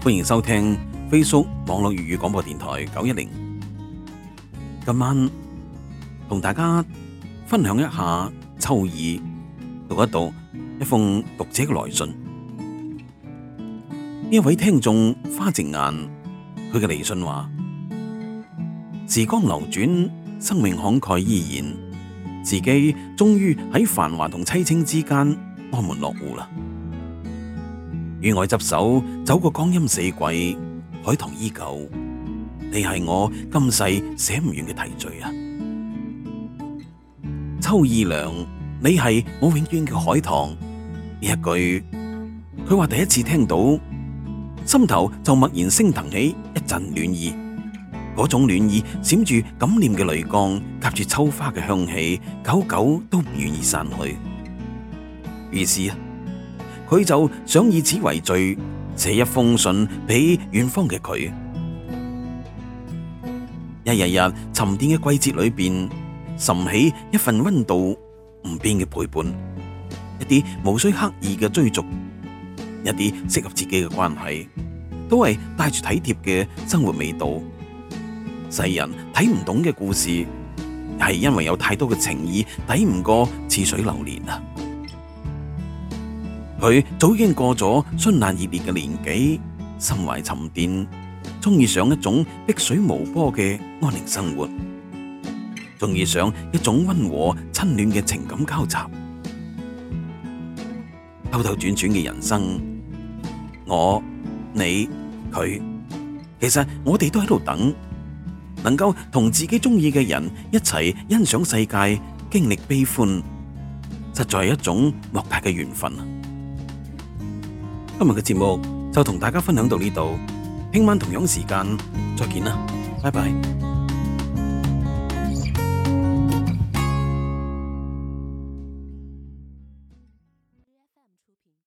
歡迎收聽 Facebook 網絡粵語廣播電台九一零。今晚同大家分享一下秋意，讀一讀一，讀一封讀者嘅來信。呢一位聽眾花靜顏，佢嘅嚟信話：時光流轉，生命慷慨依然，自己終於喺繁華同凄清之間安門落戶啦。與我執手走過光陰四季，海棠依舊。你係我今世寫唔完嘅題序啊！秋意涼，你係我永遠嘅海棠。呢一句，佢話第一次聽到，心頭就默然升騰起一陣暖意。嗰種暖意閃住感念嘅雷光，夾住秋花嘅香氣，久久都唔願意散去。於是啊。佢就想以此為序，寫一封信俾遠方嘅佢。一日日沉澱嘅季節裏邊，滲起一份溫度唔變嘅陪伴，一啲無需刻意嘅追逐，一啲適合自己嘅關係，都係帶住體貼嘅生活味道。世人睇唔懂嘅故事，係因為有太多嘅情意抵唔過似水流年啊！佢早已經過咗春蘭熱烈嘅年紀，心懷沉澱，中意上一種碧水無波嘅安寧生活，中意上一種溫和親暖嘅情感交集，兜兜轉轉嘅人生，我、你、佢，其實我哋都喺度等，能夠同自己中意嘅人一齊欣賞世界，經歷悲歡，實在係一種莫大嘅緣分。今日嘅節目就同大家分享到呢度，聽晚同樣時間，再見啦，拜拜。